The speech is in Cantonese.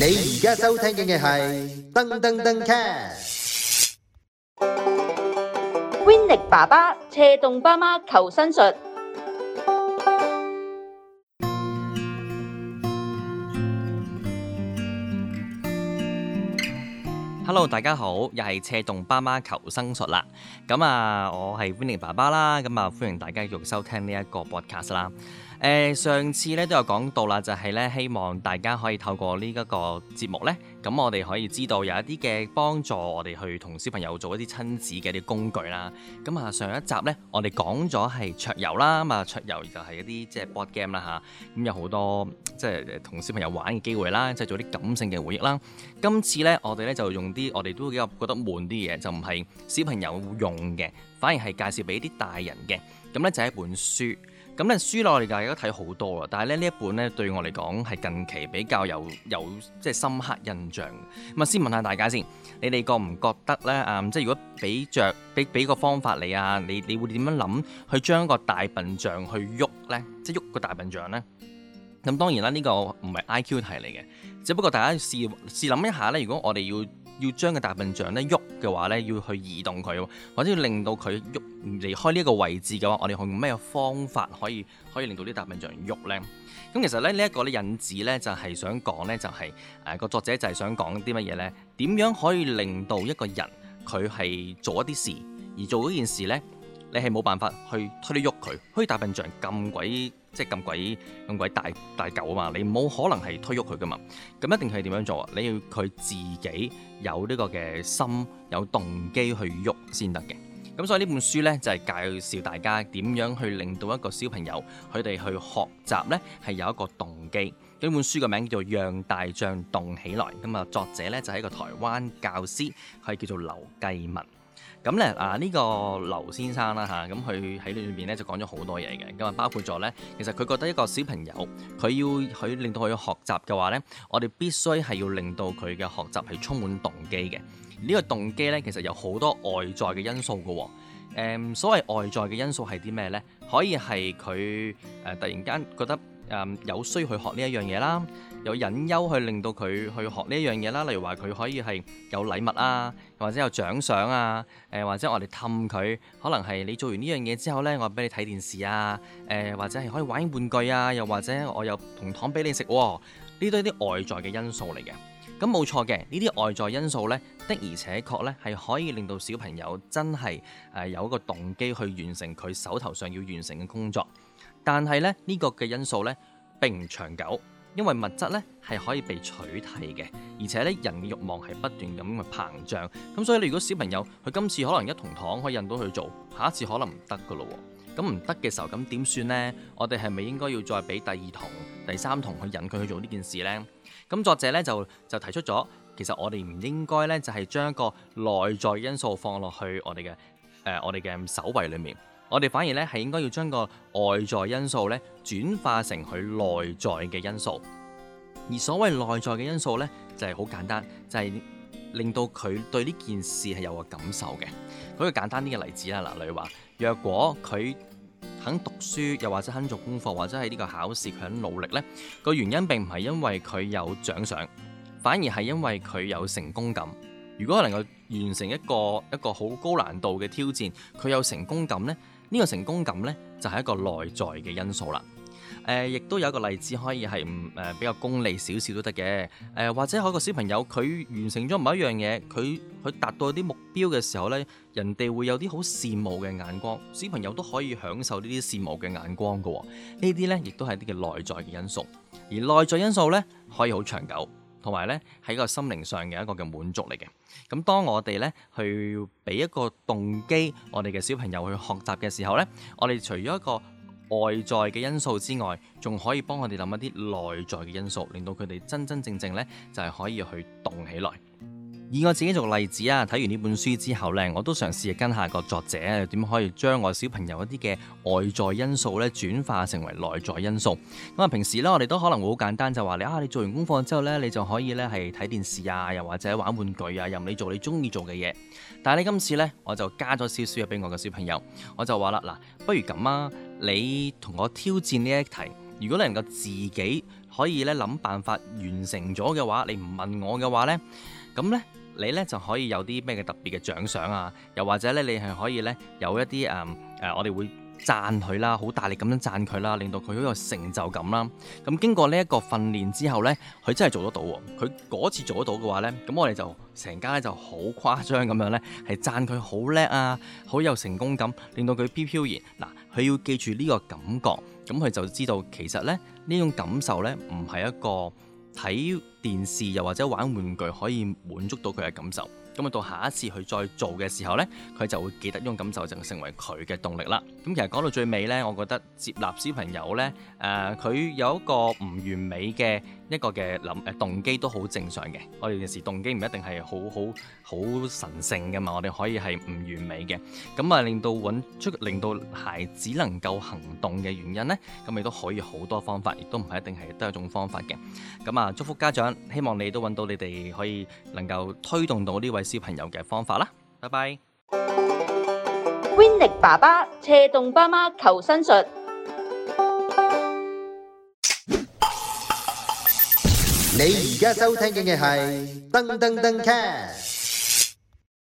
你而家收聽嘅係噔噔噔 Cast Winnie 爸爸車動爸媽求生術。Hello，大家好，又係車動爸媽求生術啦。咁啊，我係 Winnie 爸爸啦。咁啊，歡迎大家繼續收聽呢一個 podcast 啦。誒上次咧都有講到啦，就係咧希望大家可以透過呢一個節目咧，咁我哋可以知道有一啲嘅幫助，我哋去同小朋友做一啲親子嘅啲工具啦。咁啊，上一集咧，我哋講咗係桌遊啦，咁啊桌遊就係一啲即係 board game 啦嚇，咁有好多即係同小朋友玩嘅機會啦，即係做啲感性嘅回憶啦。今次咧，我哋咧就用啲我哋都比較覺得悶啲嘢，就唔係小朋友用嘅，反而係介紹俾啲大人嘅。咁咧就係一本書。咁咧書落嚟㗎，我大家都睇好多啊！但係呢一本咧對我嚟講係近期比較有有即係深刻印象。咁啊，先問下大家先，你哋覺唔覺得呢？啊、嗯？即係如果俾著俾俾個方法你啊，你你會點樣諗去將個大笨象去喐呢？即係喐個大笨象呢？咁當然啦，呢、呢個唔係 I Q 題嚟嘅，只不過大家試試諗一下呢，如果我哋要。要將個大笨象咧喐嘅話咧，要去移動佢，或者要令到佢喐離開呢一個位置嘅話，我哋用咩方法可以可以令到啲大笨象喐咧？咁其實咧呢一個咧引子咧就係想講咧就係誒個作者就係想講啲乜嘢咧？點樣可以令到一個人佢係做一啲事，而做嗰件事咧你係冇辦法去推你喐佢，可以大笨象咁鬼，即係咁鬼咁鬼大大嚿啊嘛，你冇可能係推喐佢噶嘛，咁一定係點樣做啊？你要佢自己有呢個嘅心，有動機去喐先得嘅。咁所以呢本書呢，就係介紹大家點樣去令到一個小朋友佢哋去學習呢，係有一個動機，呢本書個名叫做《讓大象動起來》。咁啊，作者呢，就係一個台灣教師，佢叫做劉繼文。咁咧啊呢個劉先生啦吓，咁佢喺裏面咧就講咗好多嘢嘅。咁啊，包括咗咧，其實佢覺得一個小朋友佢要佢令到佢學習嘅話咧，我哋必須係要令到佢嘅學習係充滿動機嘅。呢、這個動機咧，其實有好多外在嘅因素嘅、哦。誒、呃，所謂外在嘅因素係啲咩咧？可以係佢誒突然間覺得誒、呃、有需要去學呢一樣嘢啦。有隱憂去令到佢去學呢一樣嘢啦，例如話佢可以係有禮物啊，或者有獎賞啊，誒、呃、或者我哋氹佢，可能係你做完呢樣嘢之後呢，我俾你睇電視啊，誒、呃、或者係可以玩，玩玩具啊，又或者我有糖俾你食喎，呢、哦、都係啲外在嘅因素嚟嘅。咁冇錯嘅，呢啲外在因素呢的而且確呢係可以令到小朋友真係誒有一個動機去完成佢手頭上要完成嘅工作，但係呢，呢、呢個嘅因素呢並唔長久。因為物質咧係可以被取替嘅，而且咧人嘅慾望係不斷咁去膨脹，咁所以你如果小朋友佢今次可能一桶糖可以引到佢做，下一次可能唔得噶咯喎，咁唔得嘅時候咁點算呢？我哋係咪應該要再俾第二桶、第三桶去引佢去做呢件事呢？咁作者咧就就提出咗，其實我哋唔應該咧就係將一個內在因素放落去我哋嘅誒我哋嘅首位裡面。我哋反而咧係應該要將個外在因素咧轉化成佢內在嘅因素，而所謂內在嘅因素咧就係好簡單，就係令到佢對呢件事係有個感受嘅。舉個簡單啲嘅例子啦，嗱，例如話，若果佢肯讀書，又或者肯做功課，或者係呢個考試，佢肯努力咧，個原因並唔係因為佢有獎賞，反而係因為佢有成功感。如果能夠完成一個一個好高難度嘅挑戰，佢有成功感咧。呢個成功感呢，就係、是、一個內在嘅因素啦。誒、呃，亦都有一個例子可以係唔、呃、比較功利少少都得嘅。誒、呃，或者喺個小朋友佢完成咗某一樣嘢，佢佢達到啲目標嘅時候呢，人哋會有啲好羨慕嘅眼光，小朋友都可以享受呢啲羨慕嘅眼光嘅、哦。呢啲呢，亦都係啲嘅內在嘅因素，而內在因素呢，可以好長久。同埋咧，喺一個心靈上嘅一個嘅滿足嚟嘅。咁當我哋咧去俾一個動機，我哋嘅小朋友去學習嘅時候咧，我哋除咗一個外在嘅因素之外，仲可以幫我哋諗一啲內在嘅因素，令到佢哋真真正正咧就係可以去動起來。以我自己做例子啊，睇完呢本書之後呢，我都嘗試跟下個作者點可以將我小朋友一啲嘅外在因素咧轉化成為內在因素。咁啊，平時呢，我哋都可能會好簡單，就話你啊，你做完功課之後呢，你就可以呢係睇電視啊，又或者玩玩具啊，任你做你中意做嘅嘢。但係你今次呢，我就加咗少少嘢俾我嘅小朋友，我就話啦，嗱，不如咁啊，你同我挑戰呢一題，如果你能夠自己可以咧諗辦法完成咗嘅話，你唔問我嘅話呢，咁呢。你咧就可以有啲咩嘅特別嘅獎賞啊，又或者咧你係可以咧有一啲誒誒，我哋會讚佢啦，好大力咁樣讚佢啦，令到佢好有成就感啦。咁經過呢一個訓練之後咧，佢真係做得到喎。佢嗰次做得到嘅話咧，咁我哋就成家咧就好誇張咁樣咧，係讚佢好叻啊，好有成功感，令到佢飄飄然。嗱，佢要記住呢個感覺，咁佢就知道其實咧呢種感受咧唔係一個睇電視又或者玩玩具可以滿足到佢嘅感受，咁啊到下一次佢再做嘅時候咧，佢就會記得呢種感受就成為佢嘅動力啦。咁其實講到最尾咧，我覺得接納小朋友咧，誒、呃、佢有一個唔完美嘅一個嘅諗誒動機都好正常嘅。我哋平時動機唔一定係好好好神聖嘅嘛，我哋可以係唔完美嘅，咁啊令到搵出令到孩子能夠行動嘅原因咧，咁亦都可以好多方法，亦都唔係一定係得一種方法嘅。咁啊，祝福家長。希望你都揾到你哋可以能夠推動到呢位小朋友嘅方法啦，拜拜。Winnie 爸爸車動爸媽求生術，你而家收聽緊嘅係噔噔噔 c